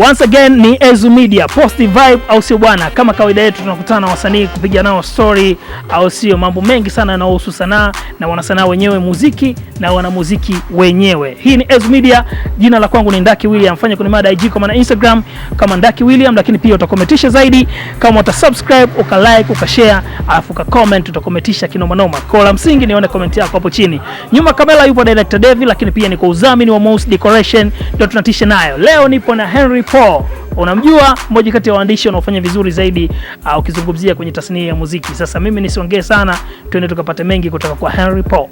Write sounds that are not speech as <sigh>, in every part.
Once again ni Ezu Media, post vibe au sio bwana? Kama kawaida yetu tunakutana na wasanii kupiga nao story au sio, mambo mengi sana yanayohusu sanaa na wanasanaa wenyewe, muziki na wanamuziki wenyewe. Hii ni Ezu Media, jina la kwangu ni Ndaki William. Fanya kwenye mada IG kama na Instagram kama Ndaki William, lakini pia utakometisha zaidi kama utasubscribe, ukalike, ukashare, alafu ukacomment, utakometisha kinoma noma. Kwa la msingi nione comment yako hapo chini. Nyuma kamera yupo director Devi, lakini pia niko uzamini wa Mouse Decoration ndio tunatisha nayo. Leo nipo na Henry Paul, unamjua mmoja kati ya waandishi wanaofanya vizuri zaidi uh, ukizungumzia kwenye tasnia ya muziki. Sasa mimi nisiongee sana, tuende tukapate mengi kutoka kwa Henry Paul.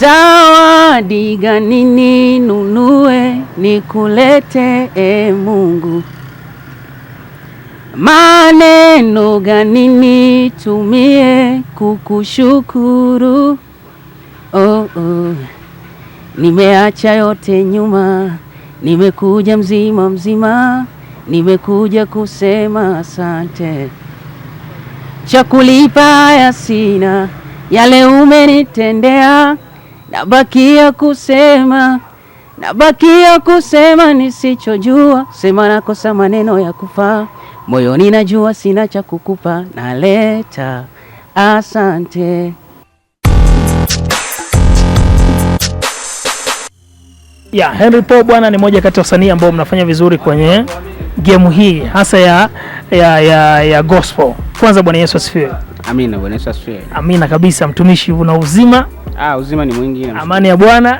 Zawadi gani ninunue nikulete, e Mungu? Maneno gani nitumie kukushukuru? oh, oh. Nimeacha yote nyuma, nimekuja mzima mzima, nimekuja kusema asante. Cha kulipa ya sina, yale umenitendea, nabakia kusema, nabakia kusema nisichojua. Sema nakosa maneno ya kufaa, moyoni najua sina cha kukupa, naleta asante. Yeah, Henry Paul bwana ni moja kati ya wasanii ambao mnafanya vizuri kwenye gemu hii hasa ya, ya, ya, ya gospel. Kwanza Bwana Yesu asifiwe. Amina, Bwana Yesu asifiwe. Amina kabisa, mtumishi, una uzima? Ah, uzima ni mwingi. Amani ya Bwana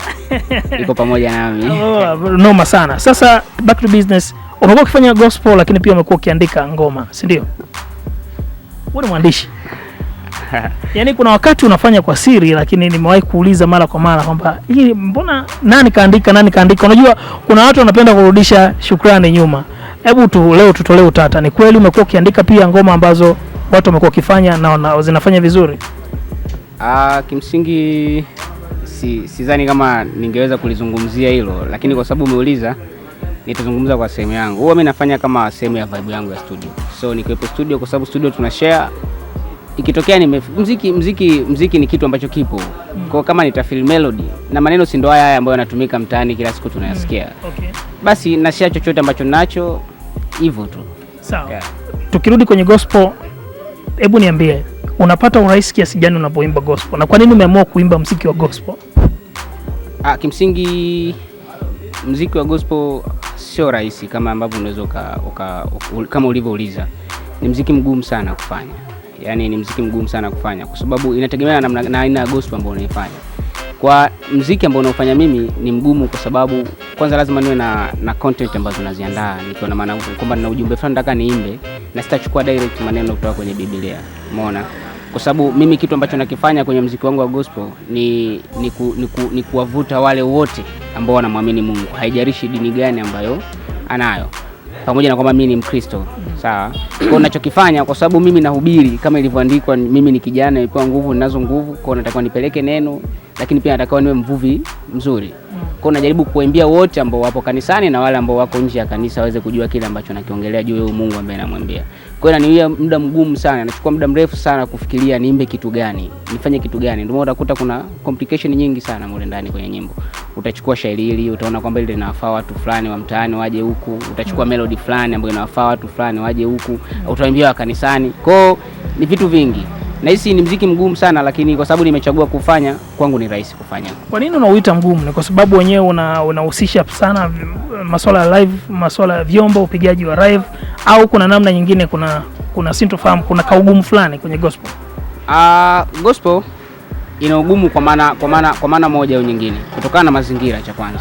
iko pamoja nami. <laughs> Oh, noma sana. Sasa back to business. Umekuwa ukifanya gospel lakini pia umekuwa ukiandika ngoma, si ndio? Wewe ni mwandishi. <laughs> yani kuna wakati unafanya kwa siri, lakini nimewahi kuuliza mara kwa mara kwamba hii mbona nani kaandika, nani kaandika. Unajua kuna watu wanapenda kurudisha shukrani nyuma. Hebu tu leo tutolee utata, ni kweli umekuwa ukiandika pia ngoma ambazo watu wamekuwa wakifanya na, na zinafanya vizuri? Ah, kimsingi si sidhani kama ningeweza kulizungumzia hilo, lakini kwa sababu umeuliza nitazungumza kwa sehemu yangu. Huwa mimi nafanya kama sehemu ya vibe yangu ya studio, so nikiwepo studio, kwa sababu studio tuna share ikitokea nime mziki, mziki, mziki ni kitu ambacho kipo mm. Kwa kama nitafil melody na maneno si ndo haya haya ambayo yanatumika mtaani kila siku tunayasikia mm. Okay. Basi nashia chochote ambacho nacho hivyo tu sawa. Yeah. Tukirudi kwenye gospel, hebu niambie unapata urahisi kiasi gani unapoimba gospel na kwa nini umeamua kuimba mziki wa gospel? Ah, kimsingi mziki wa gospel sio rahisi kama ambavyo unaweza kama ulivyouliza, ni mziki mgumu sana kufanya yani ni mziki mgumu sana kufanya, kwa sababu inategemea na aina ya gospel ambayo unaifanya. Kwa mziki ambao unaofanya mimi ni mgumu, kwa sababu kwanza lazima niwe na, na content ambazo naziandaa nikiwa na maana kwamba nina ujumbe fulani nataka niimbe na sitachukua direct maneno kutoka kwenye Biblia, umeona kwa sababu mimi kitu ambacho nakifanya kwenye mziki wangu wa gospel ni ni, ku, ni, ku, ni kuwavuta wale wote ambao wanamwamini Mungu, haijarishi dini gani ambayo anayo pamoja na kwamba mimi ni Mkristo, sawa. Kwa ninachokifanya kwa sababu mimi nahubiri kama ilivyoandikwa, mimi ni kijana, nilipewa nguvu, ninazo nguvu, kwa natakiwa nipeleke neno, lakini pia natakiwa niwe mvuvi mzuri. Kwa najaribu kuambia wote ambao wapo kanisani na wale ambao wako nje ya kanisa waweze kujua kile ambacho nakiongelea juu ya Mungu ambaye namwambia. Kwa hiyo inaniwia muda mgumu sana, nachukua muda mrefu sana kufikiria niimbe kitu gani, nifanye kitu gani. Ndio maana utakuta kuna complication nyingi sana mule ndani kwenye nyimbo. Utachukua shairi hili, utaona kwamba ile inawafaa watu fulani wa mtaani waje huku, utachukua melody fulani ambayo inawafaa watu fulani waje huku, utaambia wa kanisani. Kwa hiyo ni vitu vingi hisi ni mziki mgumu sana, lakini kwa sababu nimechagua kufanya kwangu ni rahisi kufanya. Kwa nini unauita mgumu? Ni kwa sababu wenyewe unahusisha una sana eh, masuala ya live, masuala ya vyombo, upigaji wa live, au kuna namna nyingine, kuna kuna sintofahamu, kuna kaugumu fulani kwenye gospel? Uh, gospel ina ugumu kwa maana kwa maana kwa maana moja au nyingine, kutokana na mazingira. Cha kwanza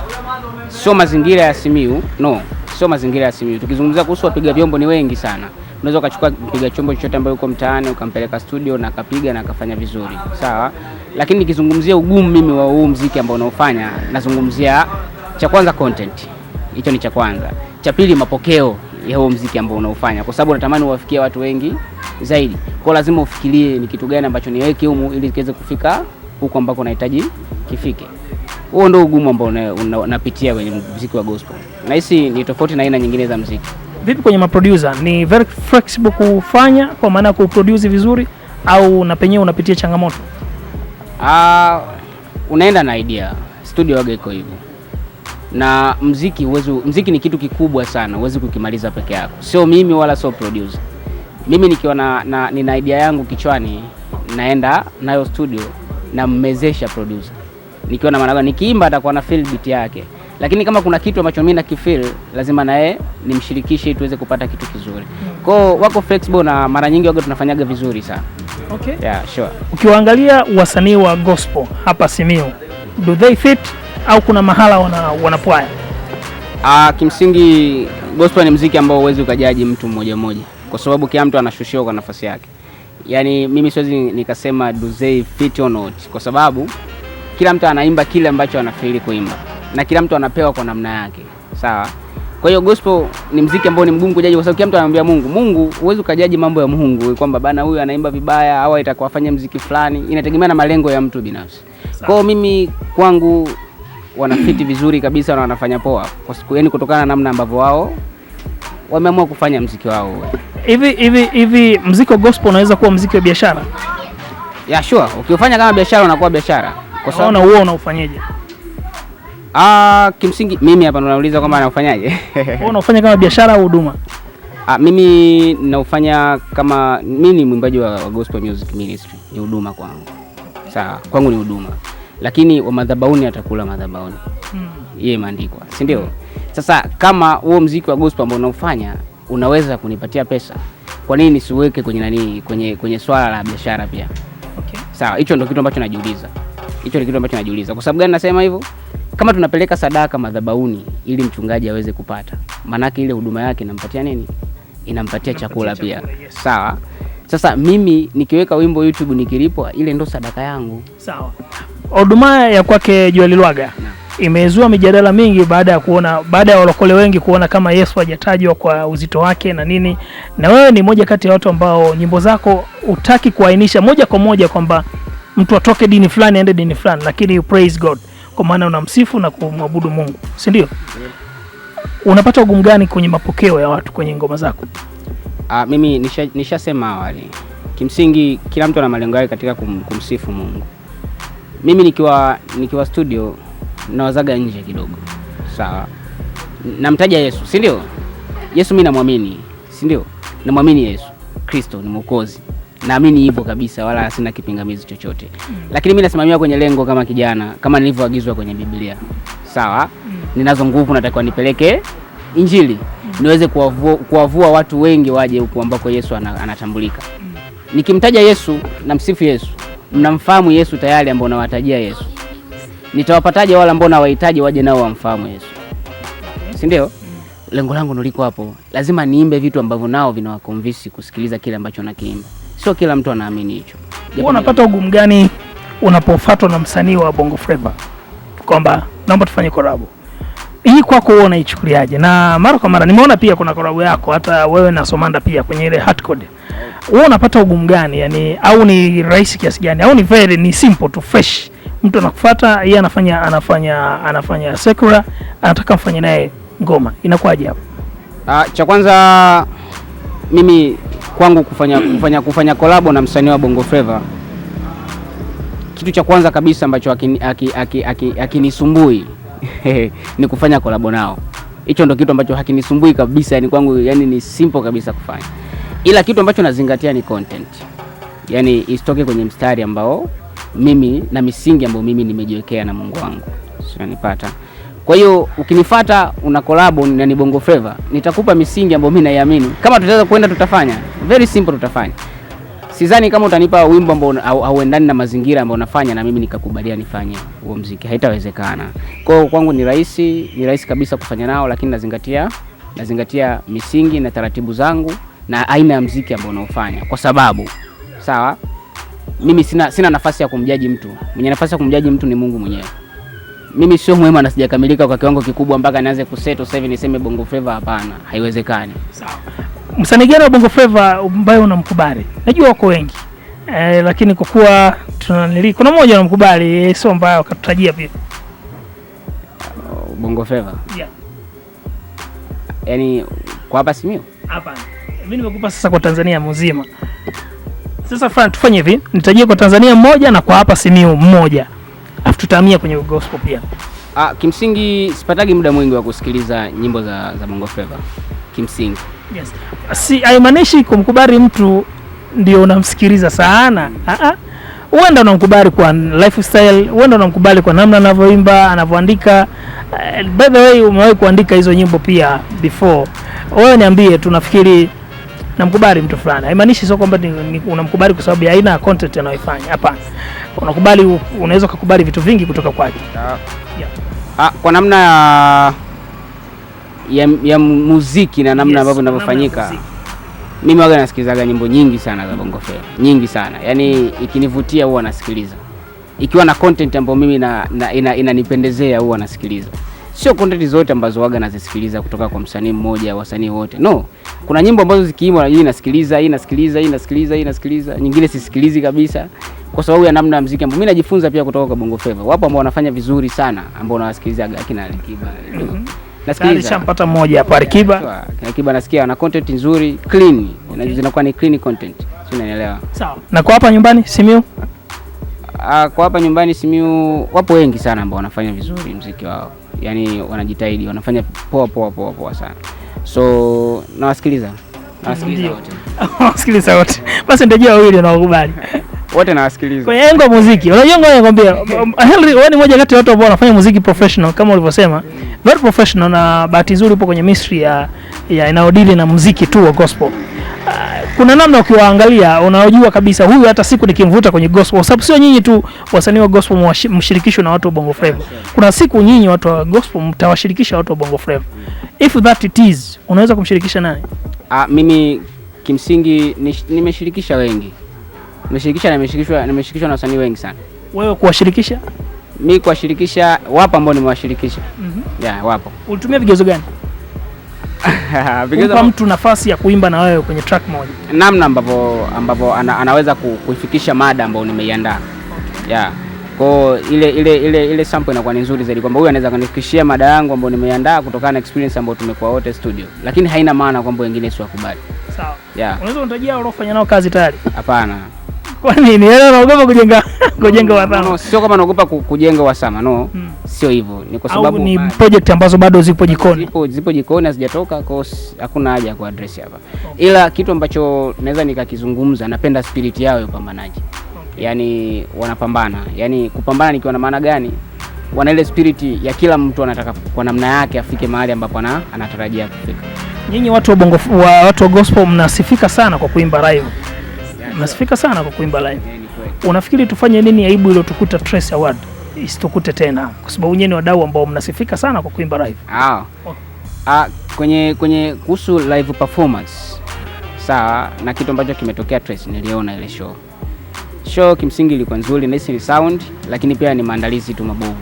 sio mazingira ya Simiu, no, sio mazingira ya Simiu. Tukizungumzia kuhusu wapiga vyombo ni wengi sana unaweza ukachukua mpiga chombo chochote ambayo uko mtaani ukampeleka studio na akapiga na akafanya vizuri, sawa. Lakini nikizungumzia ugumu mimi wa huu mziki ambao unaofanya, nazungumzia cha kwanza content, hicho ni cha kwanza. Cha pili mapokeo ya huu mziki ambao unaofanya, kwa sababu natamani uwafikie watu wengi zaidi, kwa lazima ufikirie ni kitu gani ambacho niweke humu ili kiweze kufika huko ambako unahitaji kifike. Huo ndio ugumu ambao unapitia kwenye mziki wa gospel. Nahisi ni tofauti na aina nyingine za mziki. Vipi kwenye maproducer, ni very flexible kufanya kwa maana ya kuproduce vizuri au na penyewe unapitia changamoto? Uh, unaenda na idea studio waga iko hivyo na mziki uwezo, mziki ni kitu kikubwa sana, huwezi kukimaliza peke yako, sio mimi wala sio producer. Mimi nikiwa na, na, nina idea yangu kichwani naenda nayo studio nammezesha producer, nikiwa na maana nikiimba atakuwa na feel beat yake lakini kama kuna kitu ambacho mimi nakifeel lazima na yeye nimshirikishe ili tuweze kupata kitu kizuri. Kwao wako flexible na mara nyingi waga tunafanyaga vizuri sana. Okay. Yeah, sure. Ukiwaangalia wasanii wa gospel hapa Simiyu, do they fit au kuna mahala wana wanapwaya? Ah, kimsingi gospel ni mziki ambao huwezi ukajaji mtu mmoja mmoja kwa sababu kila mtu anashushiwa kwa nafasi yake. Yaani mimi siwezi nikasema do they fit or not kwa sababu kila mtu anaimba kile ambacho anafili kuimba na kila mtu anapewa kwa namna yake, sawa. Kwa hiyo gospel ni mziki ambao ni mgumu kujaji, kwa sababu kila mtu anamwambia Mungu. Mungu huwezi ukajaji mambo ya Mungu kwamba bana huyu anaimba vibaya au atakuwa mziki fulani, inategemea na malengo ya mtu binafsi. Kwa hiyo mimi kwangu wanafiti vizuri kabisa na wanafanya poa, kwa siku yani, kutokana na namna ambavyo wao wameamua kufanya mziki wao. Hivi hivi hivi, mziki wa gospel unaweza kuwa mziki wa biashara ya? yeah, Sure, ukiufanya kama biashara unakuwa biashara. Kwa sababu na wewe unaufanyaje? Ah, kimsingi mimi hapa nauliza kwamba naufanyaje? Wewe unaufanya kama biashara au huduma? Ah, mimi naufanya kama mimi ni mwimbaji wa gospel music ministry, ni huduma kwangu. Sawa, kwangu ni huduma, lakini wa madhabauni atakula madhabauni. Mm. Yeye imeandikwa, si ndio? Sasa kama huo mziki wa gospel ambao unaufanya unaweza kunipatia pesa, kwa nini nisiweke kwenye nani, kwenye kwenye swala la biashara pia? Okay. Sawa, hicho ndio kitu ambacho najiuliza. Hicho ni kitu ambacho najiuliza. Kwa sababu gani nasema hivyo? Kama tunapeleka sadaka madhabauni ili mchungaji aweze kupata, maanake ile huduma yake inampatia nini? Inampatia chakula pia, sawa. Sasa mimi nikiweka wimbo YouTube nikilipwa, ile ndo sadaka yangu, sawa. Huduma ya kwake jualilwaga imezua mijadala mingi baada ya kuona baada ya walokole wengi kuona kama Yesu hajatajwa kwa uzito wake na nini, na wewe ni moja kati ya watu ambao nyimbo zako utaki kuainisha moja kwa moja kwamba mtu atoke dini fulani aende dini fulani, lakini you praise God kwa maana unamsifu na kumwabudu Mungu, si ndio? Unapata ugumu gani kwenye mapokeo ya watu kwenye ngoma zako? Uh, mimi nishasema nisha awali, kimsingi kila mtu ana malengo yake katika kum, kumsifu Mungu. Mimi nikiwa nikiwa studio nawazaga nje kidogo, sawa. Namtaja Yesu, si ndio? Yesu mimi namwamini, si ndio? Namwamini Yesu Kristo ni Mwokozi naamini hivyo kabisa, wala sina kipingamizi chochote Lakini mimi nasimamia kwenye lengo kama kijana, kama nilivyoagizwa kwenye Biblia. Sawa mm. Ninazo nguvu, natakiwa nipeleke injili mm. niweze kuwavua, kuwavua watu wengi waje huku ambako Yesu anatambulika mm. Nikimtaja Yesu na msifu Yesu, mnamfahamu Yesu tayari, ambao nawatajia Yesu, nitawapataje wale ambao nawahitaji waje nao wamfahamu Yesu, sindio Lengo langu niliko hapo, lazima niimbe vitu ambavyo nao vinawakomvisi kusikiliza kile ambacho nakiimba sio kila mtu anaamini hicho. Unapata ugumu gani unapofatwa na msanii wa Bongo Flava kwamba naomba tufanye kolabo hii kwako wewe unaichukuliaje? Na mara kwa mara nimeona pia kuna kolabo yako hata wewe na Somanda pia kwenye ile hardcore. Wewe unapata ugumu gani? Yani au ni rahisi kiasi gani? Au ni very ni simple to fresh. Mtu anakufuata, yeye anafanya anafanya anafanya sekula, anataka mfanye naye ngoma. Inakuwaje hapo? Ah, cha kwanza mimi kwangu kufanya, kufanya, kufanya kolabo na msanii wa Bongo Flava, kitu cha kwanza kabisa ambacho hakinisumbui <laughs> ni kufanya kolabo nao. Hicho ndo kitu ambacho hakinisumbui kabisa, yani kwangu, yani ni simple kabisa kufanya, ila kitu ambacho nazingatia ni content, yani isitoke kwenye mstari ambao mimi na misingi ambayo mimi nimejiwekea na Mungu wangu, sinanipata kwa hiyo ukinifata una kolabo na ni Bongo Flava, nitakupa misingi ambayo mimi naiamini. Kama tutaweza kwenda tutafanya very simple utafanya. Sidhani kama utanipa wimbo ambao hauendani na mazingira ambayo unafanya na mimi nikakubalia nifanye huo mziki, haitawezekana. Kwa hiyo kwangu ni rahisi, ni rahisi kabisa kufanya nao, lakini nazingatia nazingatia misingi na taratibu zangu na aina ya mziki ambao unaofanya, kwa sababu sawa, mimi sina, sina nafasi ya kumjaji mtu. Mwenye nafasi ya kumjaji mtu ni Mungu mwenyewe. Mimi sio mwema na sijakamilika kwa kiwango kikubwa mpaka nianze kuseto sasa hivi niseme Bongo Flava. Hapana, haiwezekani. Sawa. Msanii gani wa Bongo Flava ambaye unamkubali? Najua wako wengi eh, lakini kwa kuwa tunanili kuna mmoja unamkubali eh, sio mbaya akatutajia pia. Uh, Bongo Flava. Yeah. Yaani kwa hapa simio? Hapana. Mimi nimekupa sasa kwa Tanzania mzima. Sasa Fran, tufanye hivi, nitajie kwa Tanzania mmoja na kwa hapa Simiyu mmoja. Afu tutahamia kwenye gospel pia. Ah, kimsingi sipatagi muda mwingi wa kusikiliza nyimbo za, za Bongo Flava kimsingi. Yes. Si haimaanishi kumkubali mtu ndio unamsikiliza sana. Aa, huenda unamkubali kwa lifestyle, huenda unamkubali kwa namna anavyoimba, anavyoandika. Uh, by the way umewahi kuandika hizo nyimbo pia before. Wewe niambie, tunafikiri namkubali mtu fulani, haimaanishi sio kwamba unamkubali kwa sababu ya aina ya content anayoifanya. Hapana, unakubali, unaweza kukubali vitu vingi kutoka kwake. Yeah. Yeah. Ah, kwa namna ya ya, ya muziki na namna ambavyo yes, inavyofanyika. Mimi waga nasikilizaga nyimbo nyingi sana za Bongo Flava, nyingi sana yaani, ikinivutia huwa nasikiliza, ikiwa na content ambayo mimi na, na, ina, inanipendezea huwa nasikiliza. Sio content zote ambazo waga nazisikiliza kutoka kwa msanii mmoja, wasanii wote no. Kuna nyimbo ambazo zikiimba hii nasikiliza, hii nasikiliza, hii nasikiliza, hii nasikiliza, nyingine sisikilizi kabisa kwa sababu ya namna ya muziki ambao mimi najifunza pia kutoka kwa Bongo Flava. Wapo ambao wanafanya vizuri sana ambao nawasikilizaga akina Alikiba mm-hmm tayari shampata mmoja hapa Alikiba. Alikiba nasikia ana content nzuri clean, okay. Zinakuwa ni clean content, si unanielewa? Sawa. Na kwa hapa nyumbani Simiu? Ah, kwa hapa nyumbani Simiu wapo wengi sana ambao wanafanya vizuri mziki wao, yaani wanajitahidi, wanafanya poa poa poa poa sana, so nawasikiliza nawasikiliza wote <laughs> nawasikiliza wote basi ndio wawili wanaokubali wote nawasikiliza kwenye engo muziki. Unajua ngoja nikwambie, Henry wewe ni mmoja kati ya watu ambao wanafanya muziki professional kama ulivyosema, very mm. professional, na bahati nzuri upo kwenye ministry ya, ya inayodili na muziki tu wa gospel. Uh, kuna namna ukiwaangalia unaojua kabisa huyu hata siku nikimvuta kwenye gospel, kwa sababu sio nyinyi tu wasanii wa gospel mshirikishwe na watu wa bongo flava. Kuna siku nyinyi watu wa gospel mtawashirikisha watu wa bongo flava, if that it is, unaweza kumshirikisha nani? Ah, mimi kimsingi nimeshirikisha wengi Nimeshirikisha na nimeshirikishwa nimeshirikishwa na wasanii wengi sana. Wewe kuwashirikisha? Mi kuwashirikisha wapo ambao nimewashirikisha. Mhm. mm -hmm. Yeah, wapo. Ulitumia vigezo gani? <laughs> Vigezo mtu nafasi ya kuimba na wewe kwenye track moja. Namna ambavyo ambavyo ana, anaweza kuifikisha mada ambayo nimeiandaa. Okay. Yeah. Kwa ile ile ile ile sample inakuwa ni nzuri zaidi kwamba huyu anaweza kunifikishia mada yangu ambayo nimeiandaa kutokana na experience ambayo tumekuwa wote studio. Lakini haina maana kwamba wengine si wakubali. Sawa. Yeah. Unaweza unitajia waliofanya nao kazi tayari? Hapana. Kwa nini? Yeye naogopa kujenga <laughs> kujenga wasama. sio kama naogopa kujenga wasama, no. Hmm. Sio hivyo. Ni kwa sababu ni project ambazo bado zipo jikoni. Zipo zipo jikoni hazijatoka, kwa hakuna haja ya ku address hapa. Okay. Ila kitu ambacho naweza nikakizungumza, napenda spirit yao ya upambanaji. Okay. Yaani, wanapambana. yani kupambana nikiwa na maana gani? Wana ile spirit ya kila mtu anataka kwa namna yake afike mahali ambapo anatarajia kufika. Nyinyi watu wa bongo wa, watu wa gospel mnasifika sana kwa kuimba live nasifika sana kwa kuimba live. Unafikiri tufanye nini aibu iliyotukuta Trace Award isitukute tena, kwa sababu nyenye ni wadau ambao mnasifika sana kwa kuimba live? Ah. Ah, kwenye kwenye kuhusu live performance sawa, na kitu ambacho kimetokea Trace, niliona ile show show kimsingi ilikuwa nzuri, nice sound, lakini pia ni maandalizi tu mabovu,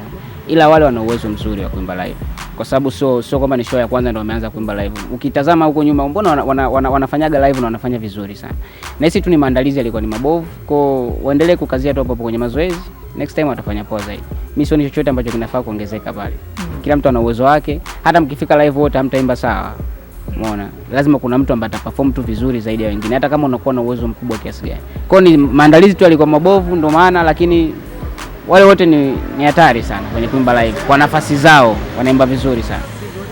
ila wale wana uwezo mzuri wa kuimba live kwa sababu sio sio kwamba ni show ya kwanza ndio wameanza kuimba live. Ukitazama huko nyuma, mbona wana, wana, wana, wanafanyaga live na wanafanya vizuri sana, na hisi tu ni maandalizi yalikuwa ni mabovu, kwa waendelee kukazia tu hapo kwenye mazoezi, next time watafanya poa zaidi. Mimi sioni chochote ambacho kinafaa kuongezeka pale. Mm. Kila mtu ana uwezo wake, hata mkifika live wote hamtaimba sawa. Umeona, lazima kuna mtu ambaye ataperform tu vizuri zaidi ya wengine, hata kama unakuwa na uwezo mkubwa kiasi gani. Kwa ni maandalizi tu alikuwa mabovu, ndio maana lakini wale wote ni ni hatari sana kwenye kuimba live, kwa nafasi zao wanaimba vizuri sana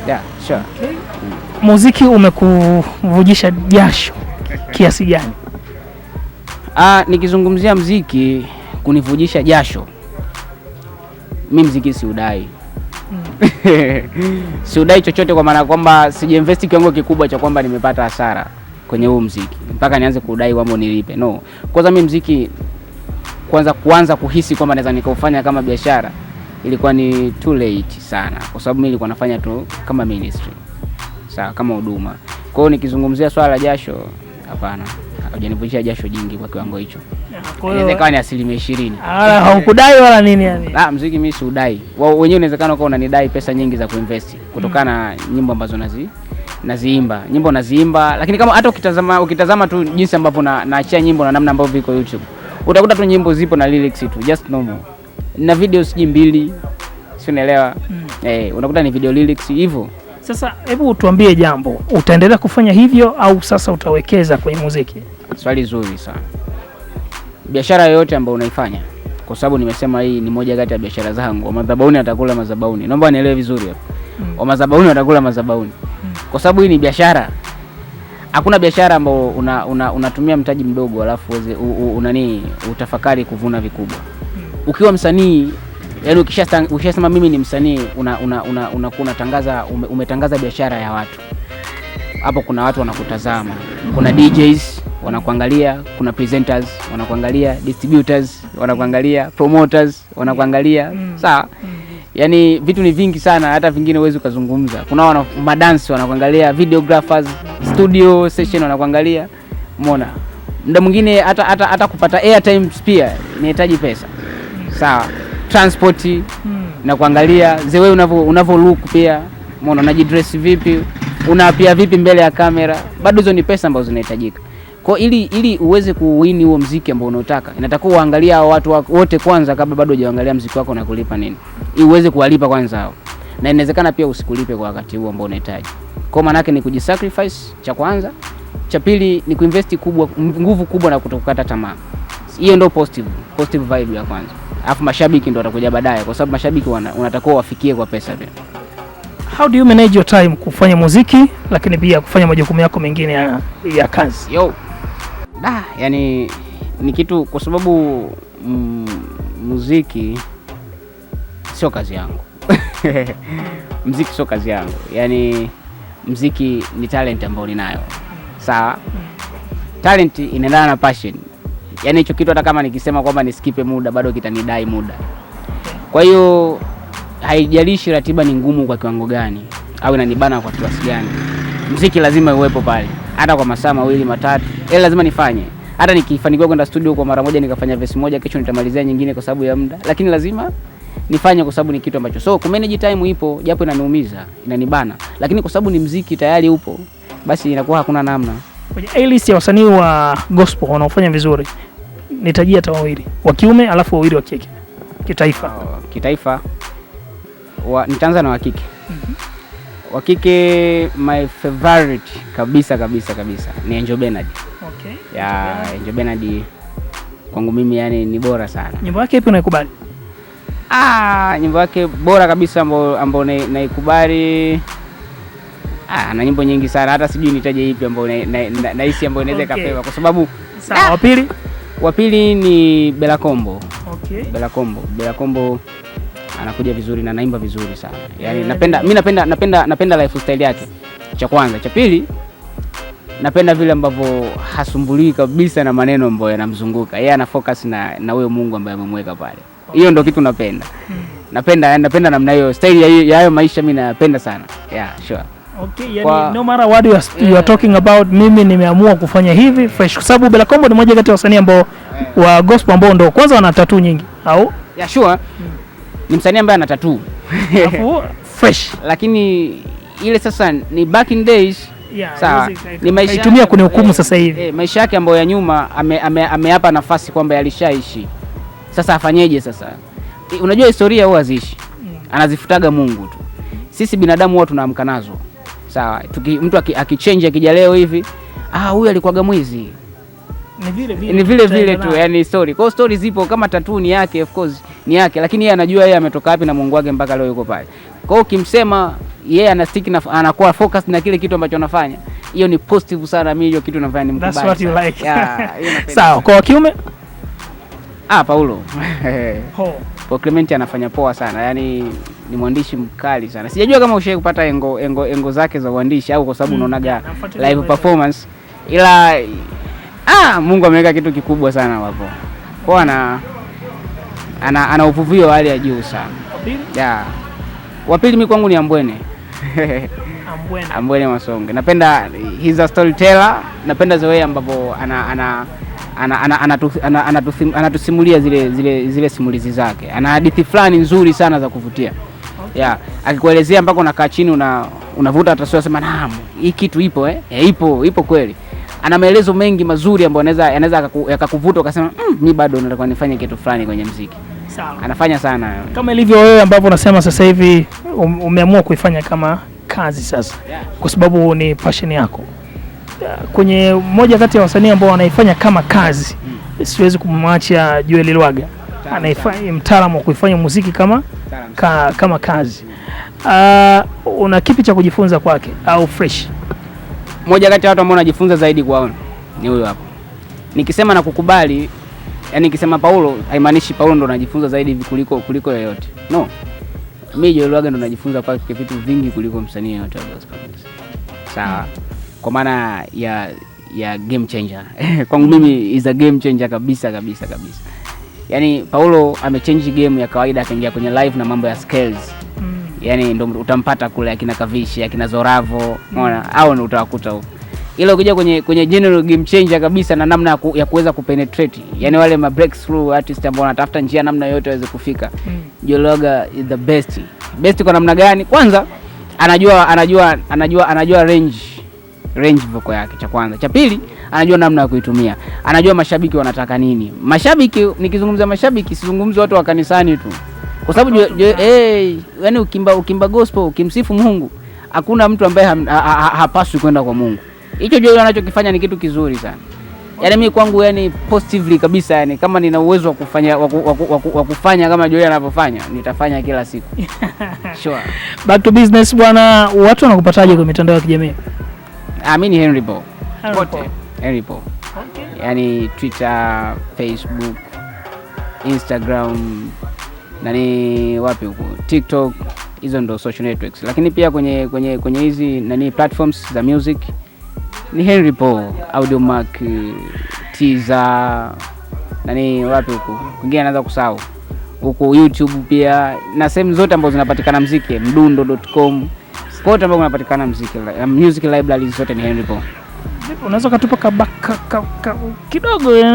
yeah, sure. Okay. Mm. Muziki umekuvujisha jasho kiasi gani? Ah, nikizungumzia mziki kunivujisha jasho, mi mziki siudai mm. <laughs> siudai chochote, kwa maana kwamba sijainvesti kiwango kikubwa cha kwamba nimepata hasara kwenye huu mziki mpaka nianze kudai wambo nilipe. No, kwanza mi mziki kwanza kuanza kuhisi kwamba naweza nikaufanya kama biashara ilikuwa ni too late sana, kwa sababu mimi nilikuwa nafanya tu kama ministry, sawa, kama huduma. Kwa hiyo nikizungumzia swala la jasho, hapana, hajanivunjia jasho jingi kwa kiwango hicho. Inawezekana ni asilimia ishirini. Haukudai wala nini yani? Ah, mziki mimi siudai. Wenyewe inawezekana ukawa unanidai pesa nyingi za kuinvesti mm. kutokana na nyimbo ambazo nazi naziimba nyimbo naziimba, lakini kama hata ukitazama ukitazama tu jinsi ambavyo naachia na nyimbo na namna ambavyo viko YouTube utakuta tu nyimbo zipo na lyrics tu just normal na video siji mbili, si unaelewa? mm. Eh, unakuta ni video lyrics hivyo. Sasa hebu utuambie jambo, utaendelea kufanya hivyo au sasa utawekeza kwenye muziki? Swali zuri sana. Biashara yoyote ambayo unaifanya, kwa sababu nimesema hii ni moja kati ya biashara zangu, madhabauni atakula madhabauni. Naomba nielewe vizuri hapo, mm. madhabauni atakula madhabauni, mm. kwa sababu hii ni biashara hakuna biashara ambayo una, una, unatumia mtaji mdogo alafu uweze unani utafakari kuvuna vikubwa. Hmm. Ukiwa msanii yani, ukishasema mimi ni msanii unakuwa una, una, unatangaza ume, umetangaza biashara ya watu. Hapo kuna watu wanakutazama, kuna DJs wanakuangalia, kuna presenters wanakuangalia, distributors wanakuangalia, promoters wanakuangalia, hmm. sawa hmm yani vitu ni vingi sana, hata vingine huwezi ukazungumza. Kuna wana madansi wanakuangalia, videographers, studio session wanakuangalia, umeona. Muda mwingine hata, hata, hata kupata airtime pia inahitaji pesa, sawa. Transport hmm. na kuangalia zewe unavyo unavyo look pia, umeona, unajidress vipi, unaapia vipi mbele ya kamera, bado hizo ni pesa ambazo zinahitajika. Kwa ili ili uweze kuwini huo mziki ambao unaotaka, inatakiwa uangalie hao watu wote kwanza, kabla bado hujaangalia mziki wako na kulipa nini, ili uweze kuwalipa kwanza hao, na inawezekana pia usikulipe kwa wakati huo ambao unahitaji. Kwa maana yake ni kujisacrifice, cha kwanza, cha pili ni kuinvesti kubwa, nguvu kubwa na kutokukata tamaa. Hiyo ndio positive positive vibe ya kwanza, alafu mashabiki ndio watakuja baadaye, kwa sababu mashabiki unatakiwa wafikie kwa pesa pia. How do you manage your time kufanya muziki, lakini pia kufanya majukumu yako mengine ya, ya kazi? Yo da, yani ni kitu kwa sababu muziki sio kazi yangu <laughs> mziki sio kazi yangu, yani mziki ni talent ambayo ninayo. Sawa, talent inaendana na passion. Yani hicho kitu hata kama nikisema kwamba nisikipe muda bado kitanidai muda. Kwa hiyo haijalishi ratiba ni ngumu kwa kiwango gani au inanibana kwa kiasi gani, mziki lazima uwepo pale hata kwa masaa mawili matatu, ile yaani lazima nifanye. Hata nikifanikiwa kwenda studio kwa mara moja nikafanya verse moja, kesho nitamalizia nyingine kwa sababu ya muda, lakini lazima nifanye kwa sababu ni kitu ambacho. So ku manage time ipo, japo inaniumiza, inanibana, lakini kwa sababu ni mziki tayari upo, basi inakuwa hakuna namna. Kwenye A list ya wasanii wa gospel wanaofanya vizuri, nitajia hata wawili wa kiume alafu wawili wa kike kitaifa. Oh, kitaifa nitaanza na wa kike. mm -hmm wa kike my favorite kabisa kabisa kabisa ni Angel Bernard. Okay. Ya Angel Bernard kwangu mimi yani ni bora sana. Nyimbo yake ipi unaikubali? Ah, nyimbo yake bora kabisa ambayo ambayo naikubali. Ah, na nyimbo nyingi sana hata sijui nitaje ipi ambayo nahisi ambayo inaweza ikapewa kwa sababu sawa, wa pili wa pili ni Bella Kombo. Okay. Bella Kombo. Bella Kombo anakuja vizuri na naimba vizuri sana yani, napenda mi napenda, napenda, napenda lifestyle yake, cha kwanza. Cha pili napenda vile ambavyo hasumbuliwi kabisa na maneno ambayo yanamzunguka yeye, ana focus na na huyo Mungu ambaye amemweka pale. Hiyo ndio kitu napenda napenda napenda namna hiyo style ya ya hayo maisha, mi napenda sana yeah, sure. Okay, yani kwa... no matter what you are, yeah. you are talking about, mimi nimeamua kufanya hivi fresh kwa sababu Bella Kombo ni moja kati ya wasanii ambao yeah. wa gospel ambao ndo kwanza wana tattoo nyingi au yeah, sure. hmm ni msanii ambaye ana tattoo <laughs> fresh, lakini ile sasa ni back in days Yeah, sawa ni maisha itumia kuni eh, hukumu sasa hivi eh, maisha yake ambayo ya nyuma ameapa ame, ame nafasi kwamba yalishaishi sasa, afanyeje sasa? unajua historia huwa haziishi mm. Anazifutaga Mungu tu, sisi binadamu huwa tunaamka nazo sawa. Tuki, mtu akichange akija leo hivi ah, huyu alikuwaga mwizi ni vile vile, ni vile, vile tu, yani story. Kwa story zipo kama tatuni yake of course ni yake, lakini yeye anajua yeye ametoka wapi na Mungu wake mpaka leo yuko pale. Kwa hiyo ukimsema yeye ana stick na anakuwa focus na kile kitu ambacho anafanya, hiyo ni positive sana. Mimi hiyo kitu nafanya nimkubali. That's what you like. Yeah, <laughs> sawa. Kwa kiume ah, Paulo ho <laughs> Kwa Clement anafanya poa sana, yani, ni mwandishi mkali sana. Sijajua kama ushawahi kupata engo, engo, engo zake za uandishi au kwa sababu mm, unaonaga live performance ila ah, Mungu ameweka kitu kikubwa sana wapo hapo. Bwana ana, ana uvuvio wa hali ya juu sana. Yeah. Wa pili mimi kwangu ni Ambwene. <laughs> Ambwene. Ambwene Masonge. Napenda he's a storyteller. Napenda the way ambapo ana ana anatusimulia zile zile zile simulizi zake. Ana hadithi fulani nzuri sana za kuvutia. Okay. Yeah. Akikuelezea mpaka unakaa chini una unavuta hata sio sema naam, hii kitu ipo eh? E, ipo ipo kweli ana maelezo mengi mazuri ambayo anaweza anaweza yakakuvuta ukasema, mmm, mimi bado natakuwa nifanye kitu fulani kwenye mziki. Sawa. Anafanya sana kama ilivyo wewe ambavyo unasema sasa hivi um, umeamua kuifanya kama kazi sasa, yeah, kwa sababu ni passion yako uh, kwenye moja kati ya wasanii ambao wanaifanya kama kazi hmm. Siwezi kumwacha Joel Lwaga, anaifanya mtaalamu wa kuifanya muziki kama, ka, kama kazi hmm. Uh, una kipi cha kujifunza kwake au fresh moja kati ya watu ambao najifunza zaidi kwaona ni huyo hapo. Nikisema na kukubali, yani nikisema Paulo haimaanishi Paulo ndo najifunza zaidi kuliko kuliko yeyote. No. Mimi Joel Lwaga ndo najifunza kwa vitu vingi kuliko msanii yoyote wa gospel music. Sawa. Kwa maana ya ya game changer. <laughs> Kwangu mimi is a game changer kabisa kabisa kabisa. Yaani Paulo amechange game ya kawaida akaingia kwenye live na mambo ya scales. Mm yani ndo utampata kule akina Kavishi akina Zoravo unaona mm. au utawakuta huko ila ukija kwenye kwenye general game changer kabisa na namna ya, ku, ya kuweza kupenetrate yani wale ma breakthrough artist ambao wanatafuta njia namna yote waweze kufika mm. Jologa is the best best kwa namna gani kwanza anajua anajua anajua anajua range range voko yake cha kwanza cha pili anajua namna ya kuitumia anajua mashabiki wanataka nini mashabiki nikizungumza mashabiki sizungumzi watu wa kanisani tu kwa sababu hey, eh, yani ukimba, ukimba gospel ukimsifu Mungu hakuna mtu ambaye ha, ha, ha, hapaswi kwenda kwa Mungu. Hicho jua anachokifanya ni kitu kizuri sana. Yaani mimi kwangu yani positively kabisa yani kama nina uwezo wa kufanya wa kufanya kama Joy anavyofanya nitafanya kila siku. <laughs> Sure. Back to business bwana, watu wanakupataje kwa mitandao ya kijamii? Ah, mimi ni Henry Paul. Pote. Henry Paul. Okay. Yaani Twitter, Facebook, Instagram, nani wapi huko TikTok, hizo ndo social networks, lakini pia kwenye kwenye kwenye hizi nani platforms za music ni Henry Paul, Audiomack, Tiza, nani wapi huko kwingine anaweza kusahau huko YouTube pia na sehemu zote ambazo zinapatikana muziki mdundo.com, kote ambapo kunapatikana muziki music library zote ni Henry Paul unaweza ukatupa ka, kidogo eh,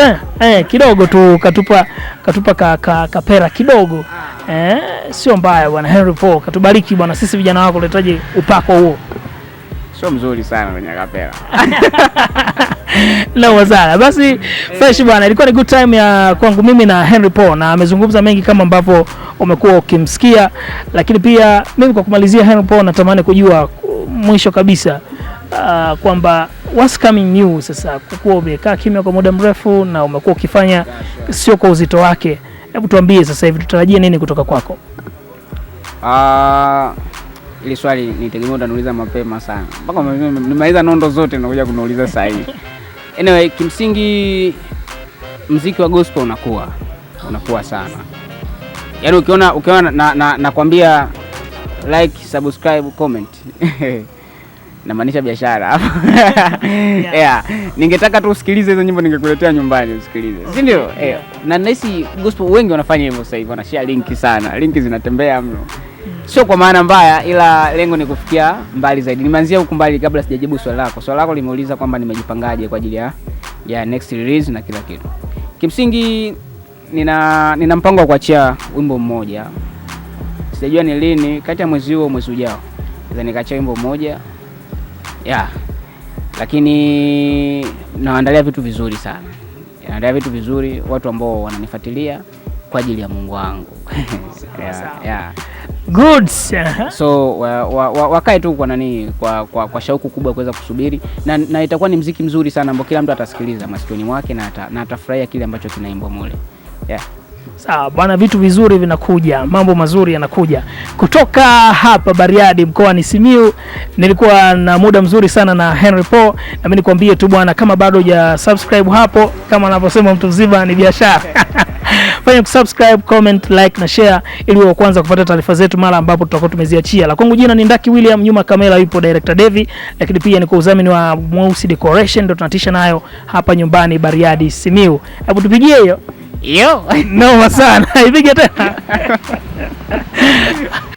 eh, eh kidogo tu katupa katupa ka, ka, kapera kidogo ah. eh, sio mbaya bwana. Henry Paul katubariki bwana, sisi vijana wako tunahitaji upako huo, sio mzuri sana kwenye kapera <laughs> na sana basi hey. Fresh bwana, ilikuwa ni good time ya kwangu mimi na Henry Paul, na amezungumza mengi kama ambavyo umekuwa ukimsikia, lakini pia mimi kwa kumalizia, Henry Paul natamani kujua mwisho kabisa uh, kwamba what's coming new sasa, kukuwa umekaa kimya kwa muda mrefu na umekuwa ukifanya sio kwa uzito wake, hebu tuambie sasa hivi tutarajie nini kutoka kwako? Uh, ili swali nitegemea utaniuliza mapema sana, mpaka nimaliza nondo zote nakuja kuniuliza sasa hivi. Anyway, kimsingi mziki wa gospel unakuwa unakuwa sana, yaani ukiona ukiona nakwambia na, na like subscribe comment <laughs> namaanisha biashara hapo <laughs> yeah. yeah. Ningetaka tu usikilize hizo nyimbo, ningekuletea nyumbani usikilize, si ndio? yeah. yeah. Na nahisi gospel wengi wanafanya hivyo sasa hivi, wanashare linki sana, linki zinatembea mno hmm. sio kwa maana mbaya, ila lengo ni kufikia mbali zaidi. Nimeanzia huku mbali kabla sijajibu swali lako. Swali lako limeuliza kwamba nimejipangaje kwa ajili ya ya next release na kila kitu. Kimsingi nina nina mpango wa kuachia wimbo mmoja, sijajua ni lini, kati ya mwezi huo mwezi ujao, nikaachia wimbo mmoja yeah. Lakini naandalia vitu vizuri sana, naandalia vitu vizuri watu ambao wananifuatilia kwa ajili ya Mungu wangu <laughs> yeah, Good. <laughs> So wa, wa, wa, wakae tu kwa nani kwa, kwa, kwa shauku kubwa kuweza kusubiri na, na itakuwa ni mziki mzuri sana ambao kila mtu atasikiliza masikioni mwake na atafurahia kile ambacho kinaimbwa mule yeah. Sawa bwana, vitu vizuri vinakuja, mambo mazuri yanakuja kutoka hapa Bariadi mkoa ni Simiu. Nilikuwa na muda mzuri sana na Henry Paul, na mimi nikwambie tu bwana, kama bado ya subscribe hapo, kama anavyosema mtu mzima ni biashara <laughs> fanya kusubscribe, comment, like na share, ili wa kwanza kupata taarifa zetu mara ambapo tutakuwa tumeziachia. La kwangu jina ni Ndaki William, nyuma kamera yupo director Devi, lakini pia niko kwa udhamini wa Mweusi Decoration, ndio tunatisha nayo hapa nyumbani Bariadi Simiu. Hebu tupigie hiyo. Yo, noma sana. <laughs> Ipige tena <laughs>